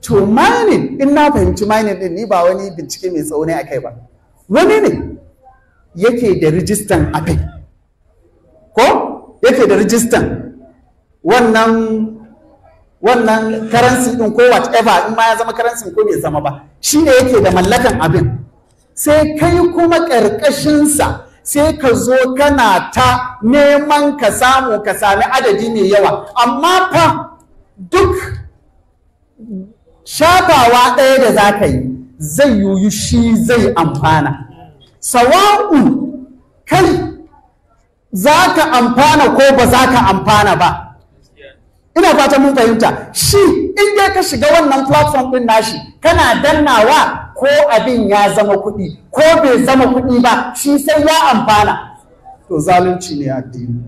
to mining in na fahimci mining din ni ba wani bincike mai tsauni a akai ba wani ne yake da rijistan kai. ko yake da rijistan wannan wannan karansi din ko whatever in ma ya zama karansi ko bai zama ba shi ne yake da mallakan abin sai kai kuma ƙarƙashinsa sai ka zo kana ta neman ka samu ka sami adadi mai yawa amma fa duk shafawa ɗaya da za ka yi zai yiwu shi zai amfana sawa'u kai za ka amfana ko ba za ka amfana ba ina fatan mun fahimta shi in dai ka shiga wannan platform ɗin nashi kana dannawa ko abin ya zama kuɗi ko bai zama kuɗi ba shi sai ya amfana to zalunci ne addini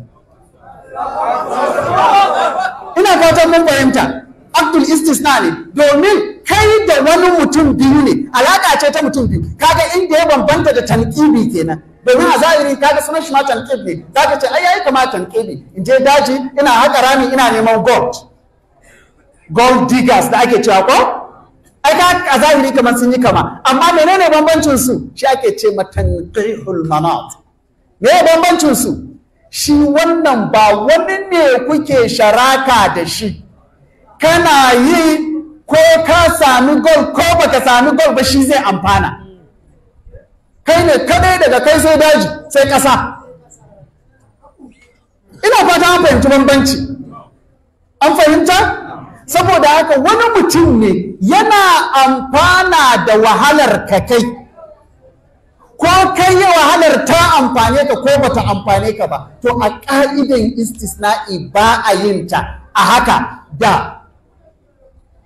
ina fatan mun fahimta abdul istisna ne domin kai da wani mutum biyu ne alaƙa ce ta mutum biyu kaga inda ya bambanta da tanƙibi kenan domin a zahiri kaga sunan shi ma tanƙib ne zaka ce ai yayi kama tanƙibi in je daji ina haƙa rami ina neman gold gold diggers da ake cewa ko ai ka a zahiri kamar sun yi kama amma menene bambancin su shi ake ce ma tanqihul manat me bambancin su shi wannan ba wani ne kuke sharaka da shi kana yi ko ka sami gol ko baka sami gol ba shi zai amfana kai ne kadai daga kai sai daji sai kasa ina fata an fahimci bambanci an fahimta saboda haka wani mutum ne yana amfana da wahalar ka kai ko kai ya wahalar ta amfane ka ko bata amfane ka ba to a ka'idan istisna'i ba a yin ta a haka da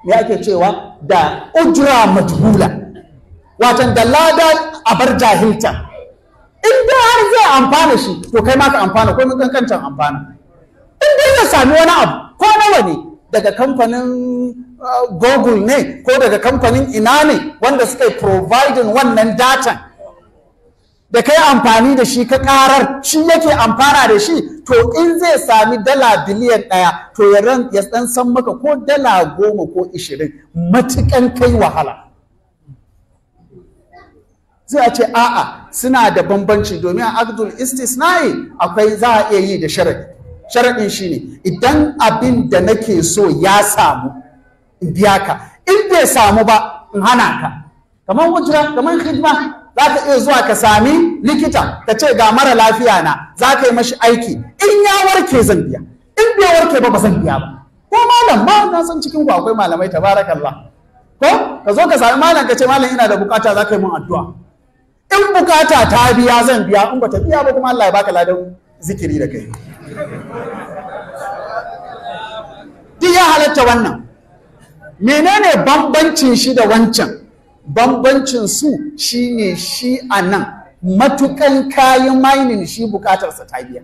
me ake cewa da ujra majhula watan da lada a bar jahilta in dai har zai amfana shi to kai ma ka amfana ko mun kankan amfana in dai ya sami wani abu ko nawa ne daga kamfanin uh, google ne ko daga kamfanin ina ne wanda suke yi providing wannan datan da kai amfani da shi ka karar shi yake amfana da shi to in zai sami dala biliyan ɗaya to ya dan san maka ko dala goma ko ishirin matukan kai wahala zai a ce a'a suna da bambanci domin a abdul yi akwai za a iya yi da sharaɗi sharaɗin ne, idan abin da nake so ya samu in biya ka in bai samu ba in hana ka kamar wajira kamar hidima za ka iya zuwa ka sami likita ka ce ga mara lafiya na za ka yi mashi aiki in ya warke zan biya in bai warke ba ba zan biya ba ko malam ma na san cikin ku akwai malamai tabarakallah ko ka zo ka sami malam ka ce malam ina da bukata za ka yi min addu'a in bukata ta biya zan biya in ba ta biya ba kuma Allah ya baka ladan zikiri da kai duk ya halatta wannan menene bambancin shi da wancan bambancin su shine shi a nan matukan kayan mainin shi bukatarsa ta biya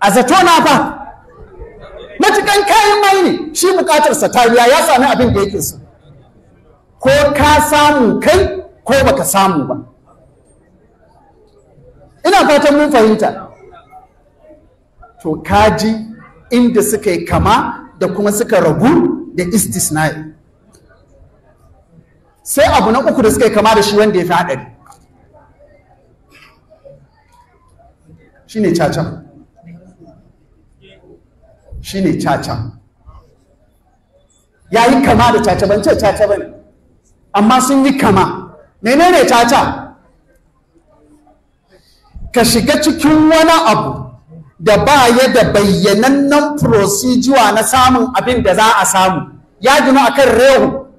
a zato na ba matukan kayan mining shi bukatarsa ta biya ya sami abin da yake so ko ka samu kai ko baka samu ba ina fatan mun fahimta to kaji inda suka yi kama da kuma suka ragu da istisna'i sai abu na uku da suka yi kama da shi wanda ya fi haɗari shi ne caca shi ne caca ya yi kama da caca ban ce caca ba ne amma sun yi kama menene caca ka shiga cikin wani abu da ba ya da bayyanannen procedure na samun abin da za a samu ya a kan rehu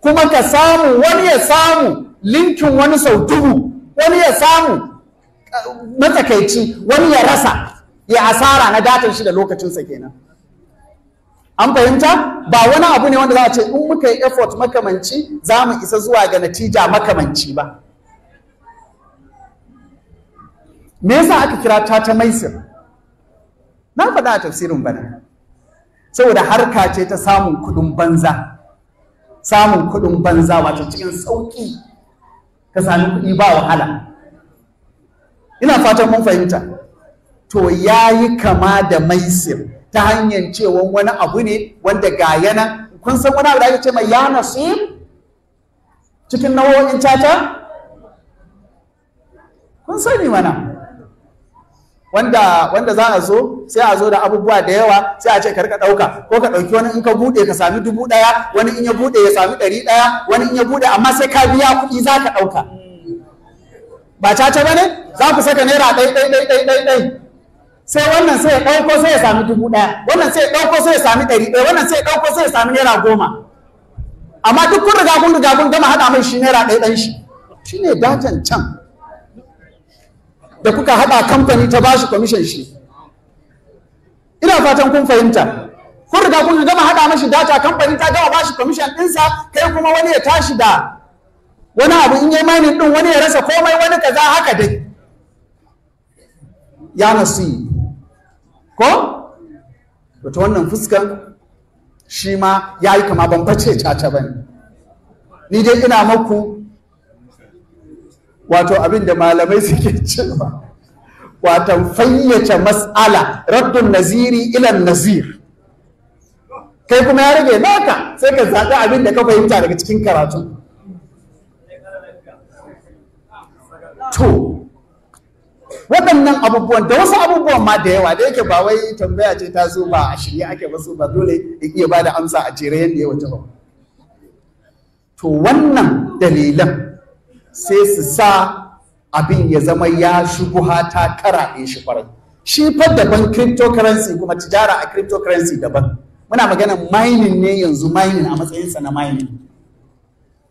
kuma ka samu wani ya samu linkin wani sau dubu wani ya samu uh, matsakaici wani ya rasa ya asara na datan shi da lokacinsa kenan an fahimta ba wani abu ne wanda za a ce in muka yi effort makamanci za mu isa zuwa ga natija makamanci ba me yasa aka kira ta ta maisir na faɗa a tafsirin bana saboda harka ce ta samun kuɗin banza samun kuɗin banza wato cikin sauƙi ka sami kuɗi ba wahala ina fatan mun fahimta to ya yi kama da maisir ta hanyar cewa wani abu ne wanda ga yana kun san wani abu da ake ce mai ya nasu cikin nawo'in caca kun sani mana wanda wanda za a zo sai a zo da abubuwa da yawa sai a ce ka ɗauka, dauka ko ka dauki wani in ka bude ka sami dubu daya wani in ya bude ya sami dari daya wani in ya bude amma sai ka biya kuɗi za ka dauka ba caca bane za ku saka naira ɗai ɗai ɗai ɗai ɗai ɗai sai wannan sai ya ɗauko sai ya sami dubu ɗaya wannan sai ya ɗauko sai ya sami ɗari ɗaya wannan sai ya ɗauko sai ya sami naira goma amma duk kun riga kun riga kun gama haɗa mai shi naira ɗaya ɗan shi shine dajan can da kuka haɗa kamfani ta bashi kwamishin shi ina fatan kun fahimta kun riga kun gama haɗa mashi data kamfani ta gama bashi kwamishin ɗinsa kai kuma wani ya tashi da wani abu in yi mani ɗin wani ya rasa komai wani kaza haka dai ya nasu yi, ko wata wannan fuskan shi ma ya yi kama ban bace caca ba ne ni dai ina maku wato abin da malamai suke cewa watan fayyace mas'ala raddun naziri ilan nazir kai kuma ya rage naka sai ka zaɓi abin da ka fahimta daga cikin karatu to waɗannan abubuwan da wasu abubuwan ma da yawa da yake ba wai tambaya ce ta zo ba a shirye ake ba ba dole in iya ba da amsa a jere yadda ya wata ba to wannan dalilan sai su sa abin ya zama ya hata ta ɗin shi kwarai shi fa daban cryptocurrency kuma tijara a cryptocurrency daban muna magana mining ne yanzu mining a matsayinsa na mining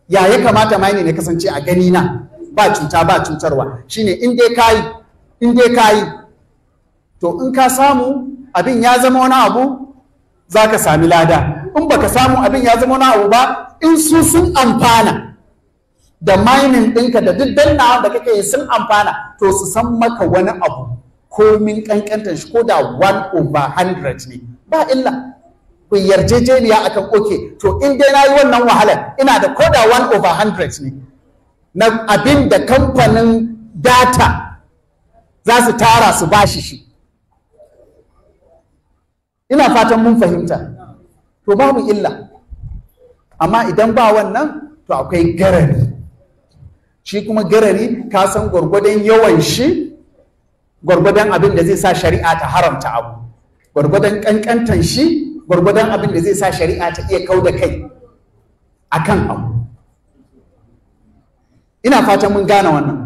ya ya kamata mining ya kasance a gani na ba cuta ba cutarwa shine in dai kai in dai kai to in ka samu abin ya zama wani abu za ka sami lada in baka samu abin ya zama wani abu ba in su sun amfana da mining ɗinka da duk dannawa da kake yi sun amfana to su san maka wani abu komin ƙanƙantar shi ko da 1 over 100 ne ba illa ku yarjejeniya akan oke to in dai na yi wannan wahala, ina da ko da 1 over 100 ne na abin da kamfanin data za su tara su bashi shi ina fatan mun fahimta to babu illa amma idan ba wannan to akwai garari shi kuma garari ka san gwargwadon yawan shi gwargwadon abin da zai sa shari'a ta haramta abu gwargwadon kankantan shi gwargwadon abin da zai sa shari'a ta iya kau da kai kan abu ina fatan mun gane wannan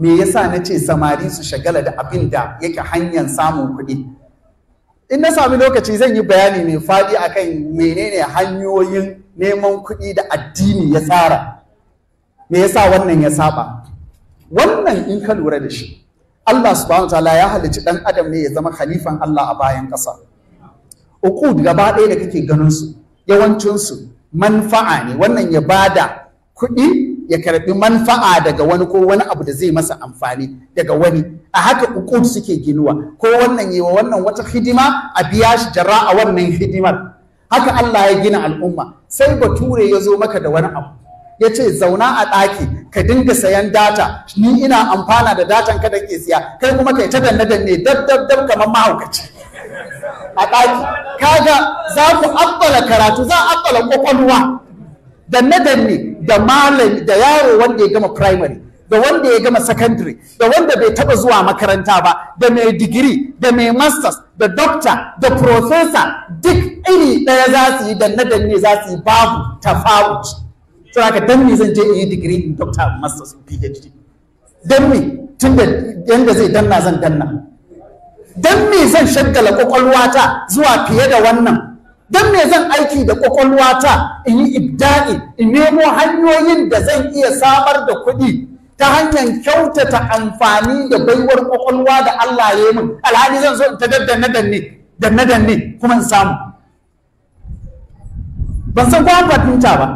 me yasa na ce samari su shagala da abin da yake hanyar samun kuɗi in na sami lokaci zan yi bayani mai faɗi akan menene hanyoyin neman kuɗi da addini ya tsara me yasa wannan ya saba wannan in ka lura da shi Allah subhanahu Taala ya halicci dan adam ne ya zama khalifan Allah a bayan ƙasa Uku gaba ɗaya da kake ganin su yawancin su manfa'a ne wannan ya bada kuɗi ya karbi manfa'a daga wani ko wani abu da zai masa amfani daga wani a haka uku suke ginuwa ko wannan yi wannan wata hidima a biya shi a wannan hidimar haka Allah ya gina al'umma sai bature ya zo maka da wani abu ya ce zauna a ɗaki ka dinga sayan data ni ina amfana da datan ka da ke siya kai kuma kai ta danne danne dab dab dab kamar mahaukaci a ɗaki kaga za ku abbala karatu za a abbala kwakwalwa danne danne da malami da yaro wanda ya gama primary da wanda ya gama secondary da wanda bai taba zuwa makaranta ba da mai digiri da mai masters da doctor da professor duk iri ɗaya za su yi danne danne za su yi babu tafawuci to haka dan me zan je in yi in doctor masters in phd dan me yanda zai danna zan danna dan me zan shaggala kwakwalwata zuwa fiye da wannan dan me zan aiki da kwakwalwata in yi ibda'i in nemo hanyoyin da zan iya samar da kuɗi ta hanyar kyautata amfani da baiwar kwakwalwa da Allah ya yi min alhali zan so in ta danne danne danne danne kuma in samu ban san ko an fahimta ba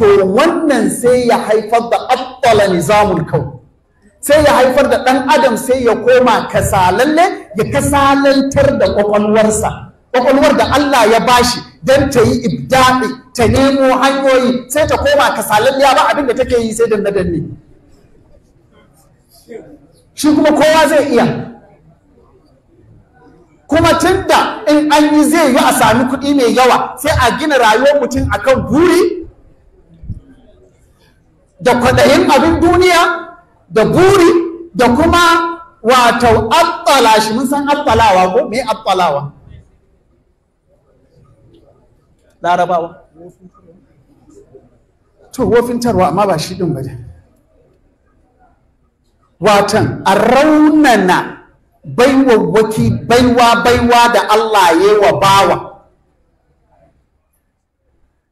to wannan sai ya haifar da attala nizamul kau sai ya haifar da ɗan adam sai ya koma kasalalle ya kasalantar da ƙwaƙwalwarsa ƙwaƙwalwar da Allah ya bashi dan ta yi ibdaɗi ta nemo hanyoyi sai ta koma kasalalle ba abin da take yi sai da danne shi kuma kowa zai iya kuma tunda in an yi zai yi a sami kuɗi mai yawa sai a gina rayuwar mutum akan buri da kwaɗayin abin duniya da buri da kuma wato abbala shi mun san abbalawa ko me abbalawa larabawa to wofintarwa amma ba shi ɗin ba watan a raunana waki, baiwa baiwa da Allah ya wa bawa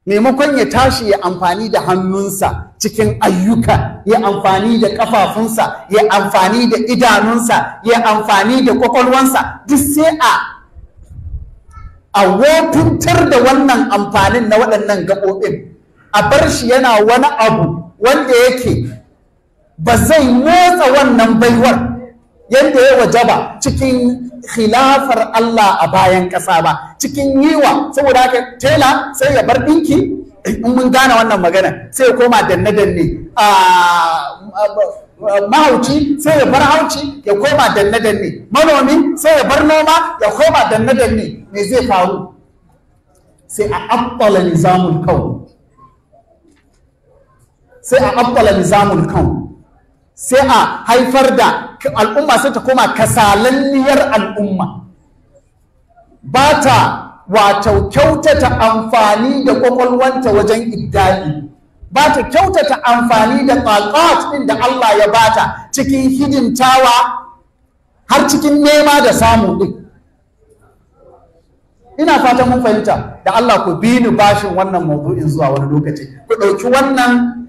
maimakon ya tashi ya amfani da hannunsa cikin ayyuka ya amfani da kafafunsa ya amfani da idanunsa ya amfani da kwakwalwansa duk sai a a wofintar da wannan amfanin na waɗannan gaɓoɓin a bar shi yana wani abu wanda yake ba zai motsa wannan baiwar yadda ya wajaba cikin khilafar Allah a bayan ƙasa ba cikin yiwa saboda haka tela sai ya bar ɗinki eh, in mun gane wannan magana sai ya koma danne danne ah, ah, ah, mahauci sai ya bar hauci ya koma danne danne manomi sai ya bar noma ya koma danne danne me zai faru sai a abbala nizamul kawo sai a abbala nizamul kawo sai a haifar da al'umma sai ta koma kasalanniyar al'umma ba ta wato kyautata amfani da kwakwalwanta wajen iddani. ba ta kyautata amfani da ƙaƙat ɗin da Allah ya bata cikin hidimtawa har cikin nema da samu ɗin ina fatan mun fahimta da Allah ku bi ni bashin wannan maudu'in zuwa wani lokaci ku ɗauki wannan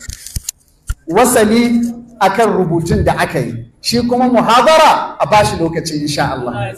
wasali akan rubutun da aka yi shi kuma muhazara a bashi lokaci insha Allah